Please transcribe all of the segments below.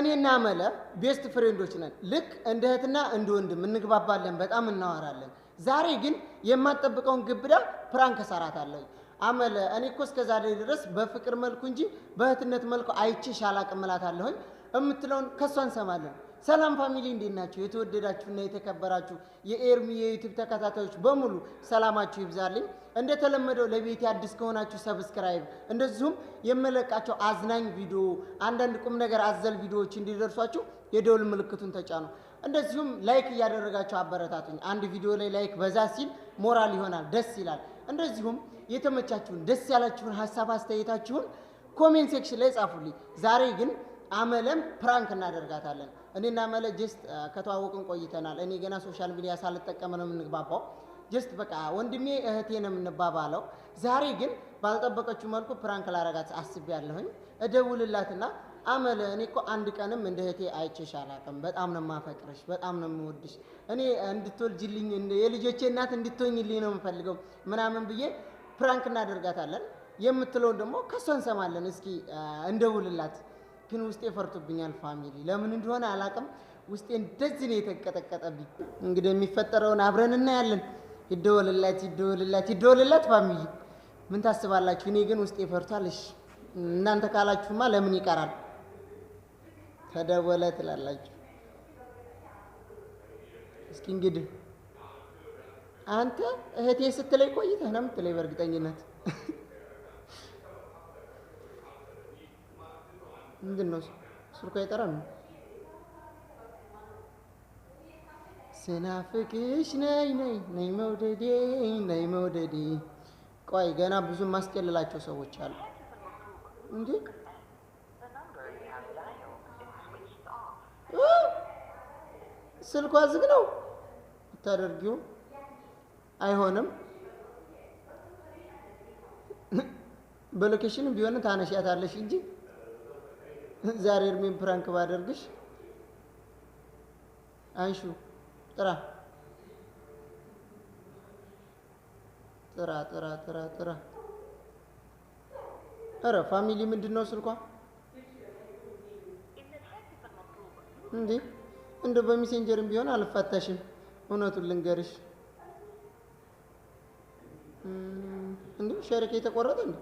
እኔና መለ ቤስት ፍሬንዶች ነን። ልክ እንደ እህትና እንደ ወንድም እንግባባለን፣ በጣም እናወራለን። ዛሬ ግን የማጠብቀውን ግብዳ ፕራንክ እሰራታለሁ። አመለ እኔ እኮ እስከ ዛሬ ድረስ በፍቅር መልኩ እንጂ በእህትነት መልኩ አይቼሽ አላቅም እላታለሁኝ። የምትለውን ከሷ እንሰማለን። ሰላም ፋሚሊ እንዴት ናችሁ? የተወደዳችሁና የተከበራችሁ የኤርሚ የዩቲዩብ ተከታታዮች በሙሉ ሰላማችሁ ይብዛልኝ። እንደተለመደው ለቤት አዲስ ከሆናችሁ ሰብስክራይብ፣ እንደዚሁም የመለቃቸው አዝናኝ ቪዲዮ፣ አንዳንድ ቁም ነገር አዘል ቪዲዮዎች እንዲደርሷችሁ የደውል ምልክቱን ተጫኑ። እንደዚሁም ላይክ እያደረጋቸው አበረታቱኝ። አንድ ቪዲዮ ላይ ላይክ በዛ ሲል ሞራል ይሆናል፣ ደስ ይላል። እንደዚሁም የተመቻችሁን ደስ ያላችሁን ሀሳብ አስተያየታችሁን ኮሜንት ሴክሽን ላይ ጻፉልኝ። ዛሬ ግን አመለም ፕራንክ እናደርጋታለን። እኔና መለ ጀስት ከተዋወቅን ቆይተናል። እኔ ገና ሶሻል ሚዲያ ሳልጠቀም ነው የምንግባባው። ጀስት በቃ ወንድሜ እህቴ ነው የምንባባለው። ዛሬ ግን ባልጠበቀችው መልኩ ፕራንክ ላረጋት አስቤያለሁኝ። እደውልላትና አመለ እኔ እኮ አንድ ቀንም እንደ እህቴ አይቼሽ አላውቅም። በጣም ነው የማፈቅርሽ፣ በጣም ነው የምወድሽ። እኔ እንድትወልጅልኝ የልጆቼ እናት እንድትሆኝልኝ ነው የምፈልገው ምናምን ብዬ ፕራንክ እናደርጋታለን። የምትለውን ደግሞ ከሷ እንሰማለን። እስኪ እንደውልላት ግን ውስጤ ፈርቶብኛል። ፋሚሊ ለምን እንደሆነ አላቅም። ውስጤ እንደዚህ ነው የተንቀጠቀጠብኝ። እንግዲህ የሚፈጠረውን አብረን እናያለን። ይደወልላት ይደወልላት ይደወልላት። ፋሚሊ ምን ታስባላችሁ? እኔ ግን ውስጤ ፈርቷል። እሺ እናንተ ካላችሁማ ለምን ይቀራል? ተደወለ ትላላችሁ። እስኪ እንግዲህ አንተ እህቴ ስትለይ ቆይተህ ነው የምትለኝ በእርግጠኝነት ምንድን ነው ስልኳ አይጠራም። ስናፍቅሽ ነይ ነይ ነይ መውደዴ ነይ መውደዴ። ቆይ ገና ብዙ ማስጨልላቸው ሰዎች አሉ እንዴ! ስልኳ ዝግ ነው ብታደርጊው አይሆንም። በሎኬሽንም ቢሆን ታነሻታለሽ እንጂ ዛሬ እርሜን ፕራንክ ባደርግሽ አንሹ ጥራ ጥራ ጥራ ጥራ ጥራ። አረ ፋሚሊ ምንድን ነው ስልኳ እንዴ? እንደ በሜሴንጀርም ቢሆን አልፈታሽም። እውነቱን ልንገርሽ እንዴ ሸሪክ የተቆረጠ እንዴ?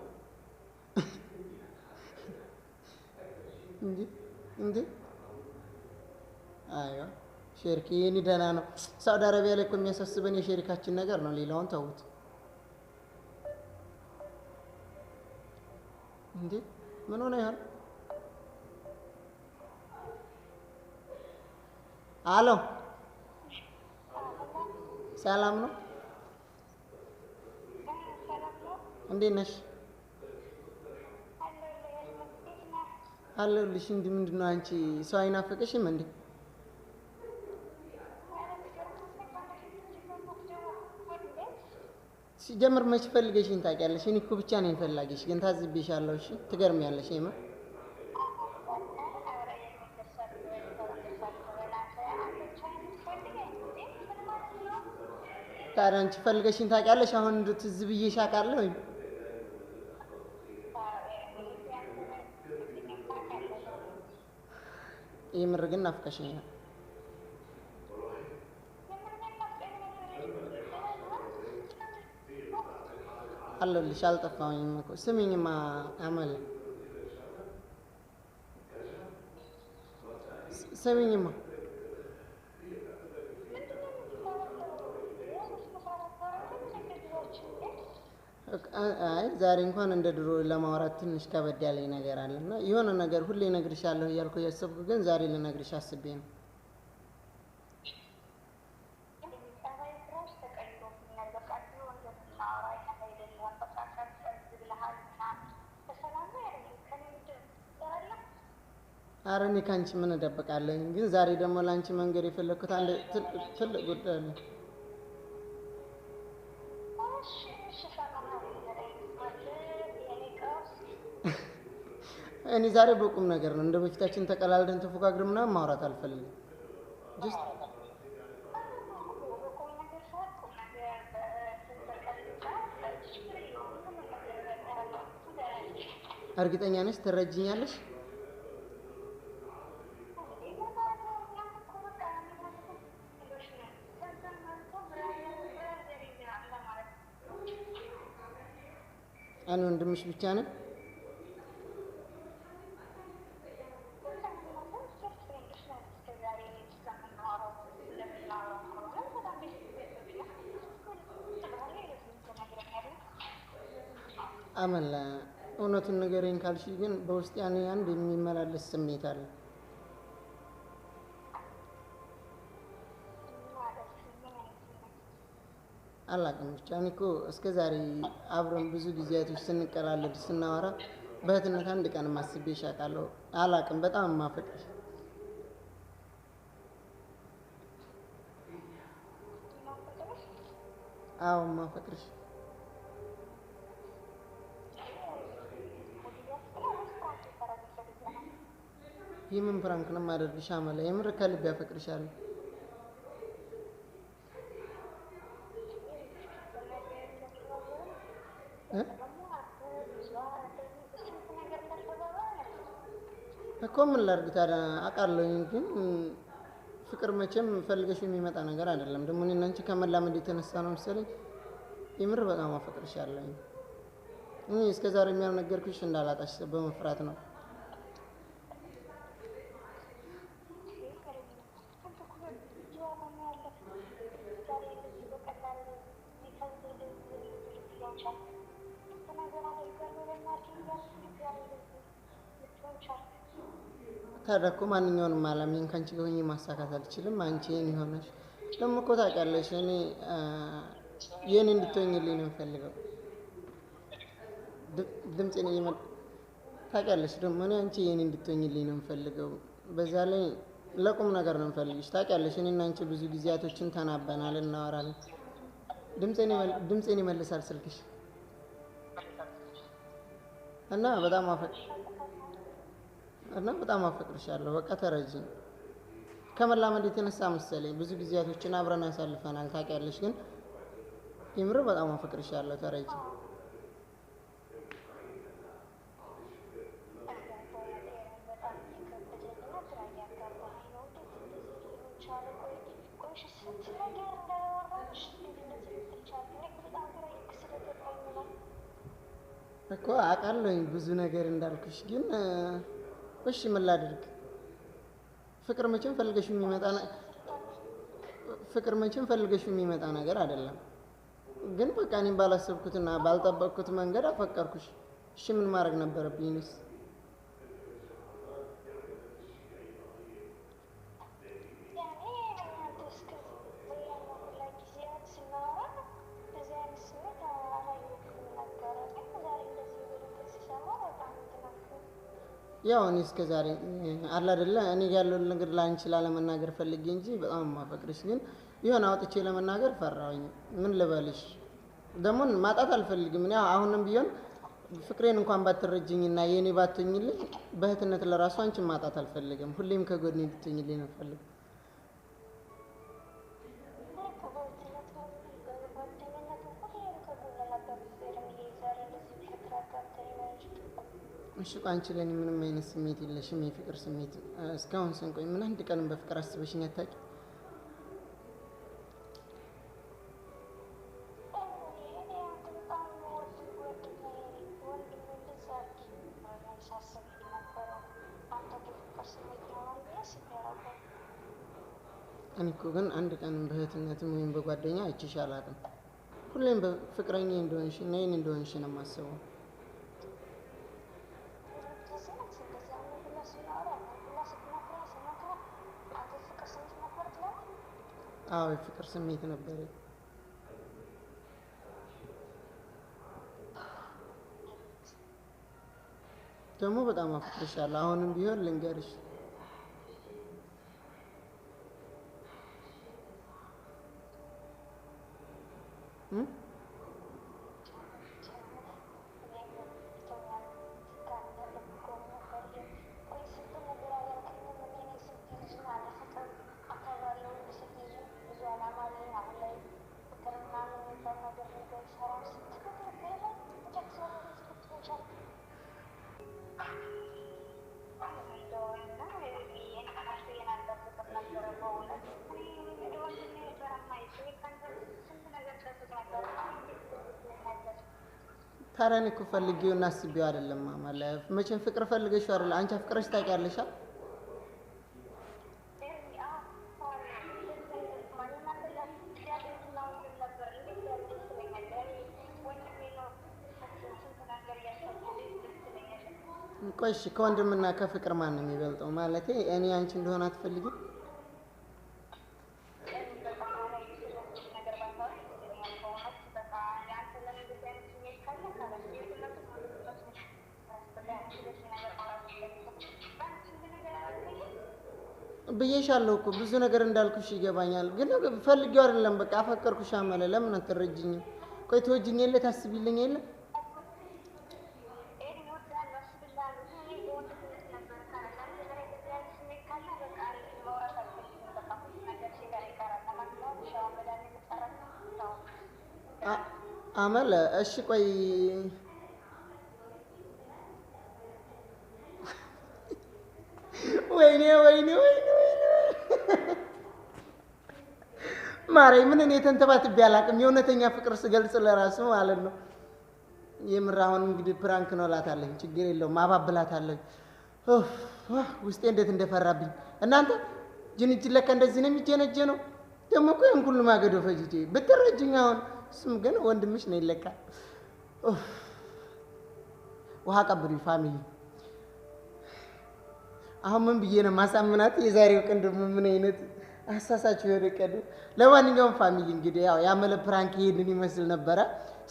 እንጂ እንጂ አይዋ ሼርክ የኔ ደህና ነው። ሳውዲ አረቢያ ላይ እኮ የሚያሳስበን የሼሪካችን ነገር ነው። ሌላውን ተውት እንዴ! ምን ሆነ ይሆን አሎ፣ ሰላም ነው? እንዴት ነሽ? አለሁልሽ። እንዲህ ምንድን ነው አንቺ ሰው አይናፈቀሽም እንዴ? ሲጀምር መች ፈልገሽኝ ታውቂያለሽ? እኔ እኮ ብቻ ነኝ ፈላጊሽ፣ ግን ታዝቤሻለሁ። እሺ ትገርሚያለሽ። ይማ ታዲያ አንቺ ፈልገሽኝ ታውቂያለሽ? አሁን እንድትዝ ብዬሽ يمرقنا ايه، في كشينا قالوا اللي شالطة فاهمك سميني ما عمل سميني ما አይ ዛሬ እንኳን እንደ ድሮ ለማውራት ትንሽ ከበድ ያለኝ ነገር እና የሆነ ነገር ሁሌ እነግርሻለሁ እያልኩ እያሰብኩ ግን ዛሬ ልነግርሽ አስቤ ነው። አረ እኔ ከአንቺ ምን እደብቃለኝ? ግን ዛሬ ደግሞ ለአንቺ መንገድ የፈለግኩት አንድ ትልቅ ጉዳይ ነው። እኔ ዛሬ በቁም ነገር ነው። እንደ በፊታችን ተቀላልደን ተፎካግር ምናምን ማውራት አልፈልግም። እርግጠኛ ነሽ ትረጅኛለሽ? እኔ ወንድምሽ ብቻ ነን። አመላ እውነቱን ንገረኝ ካልሽ ግን በውስጥ ያን አንድ የሚመላለስ ስሜት አለ። አላቅም ብቻ እኔ እኮ እስከ ዛሬ አብረን ብዙ ጊዜያቶች ስንቀላለድ ስናወራ በእህትነት አንድ ቀን ማስቤሽ አውቃለሁ። አላቅም በጣም ማፈቅሽ አዎ ማፈቅርሽ የምን ፕራንክ ነው የማደርግሽ? አመላ የምር ከልብ ያፈቅርሻለሁ። እኮ ምን ላድርግ ታዲያ ግን ፍቅር መቼም ፈልገሽ የሚመጣ ነገር አይደለም። ደግሞ እኔ እና አንቺ ከመላመድ የተነሳ ነው መሰለኝ። የምር በጣም አፈቅርሻለሁኝ። እኔ እስከዛሬ የሚያነገርኩሽ እንዳላጣሽ በመፍራት ነው። ካላደረግኩ ማንኛውንም አላማዬን ከአንቺ ጋር ሆኜ ማሳካት አልችልም። አንቺ የኔ ሆነሽ ደግሞ እኮ ታውቂያለሽ፣ እኔ የኔ እንድትሆኝልኝ ነው የምፈልገው። ድምፄን እየመ- ታውቂያለሽ፣ ደግሞ እኔ አንቺ የኔ እንድትሆኝልኝ ነው የምፈልገው። በዛ ላይ ለቁም ነገር ነው የምፈልግሽ። ታውቂያለሽ፣ እኔ እና አንቺ ብዙ ጊዜያቶችን ተናበናል፣ እናወራለን። ድምፄን ይመልሳል ስልክሽ እና በጣም አፈቅ እና በጣም አፈቅርሻለሁ፣ በቃ ተረጅኝ ከመላመድ የተነሳ መሰለኝ ብዙ ጊዜያቶችን አብረን አሳልፈናል ታውቂያለሽ። ግን የምር በጣም አፈቅርሻለሁ፣ ተረጅኝ እኮ አውቃለሁኝ ብዙ ነገር እንዳልኩሽ ግን እሺ ምን ላድርግ? ፍቅር መቼም ፈልገሽ የሚመጣ ፍቅር መቼም ፈልገሽ የሚመጣ ነገር አይደለም። ግን በቃ እኔም ባላሰብኩትና ባልጠበቅኩት መንገድ አፈቀርኩሽ። እሺ ምን ማድረግ ነበረብኝ? ያው እኔ እስከ ዛሬ አለ አይደለ እኔ ያለውን ነገር ላንቺ ላለመናገር ፈልጌ እንጂ በጣም ማፈቅርሽ፣ ግን የሆነ አውጥቼ ለመናገር ፈራሁኝ። ምን ልበልሽ? ደግሞን ማጣት አልፈልግም። እኔ አሁንም ቢሆን ፍቅሬን እንኳን ባትረጅኝና የእኔ ባትኝልኝ፣ በእህትነት ለራሱ አንቺን ማጣት አልፈልግም። ሁሌም ከጎድኔ ብትኝልኝ ነው ፈልግ እሺ አንቺ ለኔ ምንም አይነት ስሜት የለሽም፣ የፍቅር ስሜት እስካሁን ስንቆይ ምን አንድ ቀንም በፍቅር አስበሽኝ አታውቂም? እኔ እኮ ግን አንድ ቀንም በእህትነትም ወይም በጓደኛ አይቼሽ አላውቅም። ሁሌም በፍቅረኛ እንደሆንሽ እና ይህን እንደሆንሽ ነው የማስበው። አዎ የፍቅር ስሜት ነበር ደግሞ በጣም አፍቅርሻለሁ። አሁንም ቢሆን ልንገርሽ ታዲያ እኔ እኮ ፈልጌው እና አስቤው አይደለም። ማለፍ መቼም ፍቅር ፈልገሽ አይደለ? አንቺ አፍቅረሽ ታውቂያለሽ? ቆይ እሺ፣ ከወንድምና ከፍቅር ማን ነው የሚበልጠው? ማለቴ እኔ አንቺ እንደሆነ አትፈልጊም? ሰምቻለሁ እኮ ብዙ ነገር እንዳልኩሽ ይገባኛል፣ ግን ፈልጌው አይደለም። በቃ አፈቀርኩሽ አመለ። ለምን አትረጅኝ? ቆይ ትወጅኝ የለ ታስቢልኝ የለ አመለ። እሺ ቆይ ወይኔ ወይኔ ወይኔ ማረኝ። ምን እኔ ተንተባትቤ አላውቅም። የእውነተኛ ፍቅር ስገልጽ ለራሱ ማለት ነው። የምር አሁን እንግዲህ ፕራንክ ነው እላታለሁ። ችግር የለውም አባብላታለሁ። ውስጤ እንዴት እንደፈራብኝ እናንተ። ጅንጅን ለካ እንደዚህ ነው የሚጀነጀ ነው። ደግሞ እኮ ይህን ሁሉ ማገዶ ፈጅቼ ብትረጅኝ። አሁን እሱም ግን ወንድምሽ ነው ይለካል። ውሃ ቀብሪ ፋሚሊ። አሁን ምን ብዬ ነው ማሳምናት? የዛሬው ቀን ደግሞ ምን አይነት አሳሳቸው የሆነ ቀዱ። ለማንኛውም ፋሚሊ እንግዲህ ያው ያመለ ፕራንክ ይሄንን ይመስል ነበረ።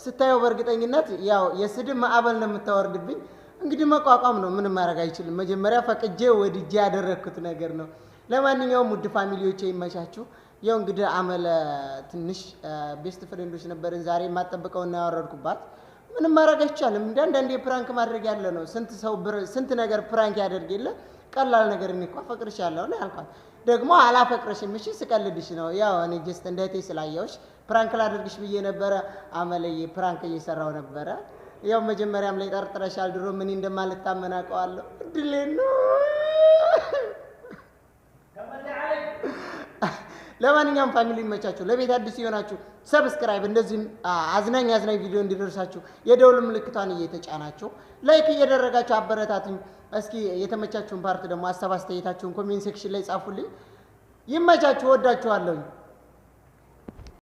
ስታየው በእርግጠኝነት ያው የስድብ ማዕበል ነው የምታወርድብኝ። እንግዲህ መቋቋም ነው፣ ምንም ማድረግ አይችልም። መጀመሪያ ፈቅጄ ወድጄ ያደረግኩት ነገር ነው። ለማንኛውም ውድ ፋሚሊዎቼ ይመቻችሁ። ያው እንግዲህ አመለ ትንሽ ቤስት ፍሬንዶች ነበርን ዛሬ የማጠብቀው እና ያወረድኩባት ምንም ማድረግ አይቻልም። እንደ አንዳንዴ ፕራንክ ማድረግ ያለ ነው። ስንት ሰው ስንት ነገር ፕራንክ ያደርግ የለ ቀላል ነገር እኔ እኮ ፈቅድሻለሁ ነው ያልኳት። ደግሞ አላፈቅርሽም፣ እሺ ስቀልድሽ ነው። ያው እኔ ጀስት እንደ እህቴ ፕራንክ ላድርግሽ ብዬ ነበረ። አመለዬ ፕራንክ እየሰራው ነበረ። ያው መጀመሪያም ላይ ጠርጥረሻል። ድሮ ምን እንደማልታመን አውቀዋለሁ። እድሌ ነው ለማንኛውም ፋሚሊ ይመቻችሁ። ለቤት አዲስ የሆናችሁ ሰብስክራይብ፣ እንደዚህም አዝናኝ አዝናኝ ቪዲዮ እንዲደርሳችሁ የደውል ምልክቷን እየተጫናችሁ ላይክ እየደረጋችሁ አበረታትኝ። እስኪ የተመቻችሁን ፓርት ደግሞ አሳብ አስተያየታችሁን ኮሜንት ሴክሽን ላይ ጻፉልኝ። ይመቻችሁ። ወዳችኋለሁኝ።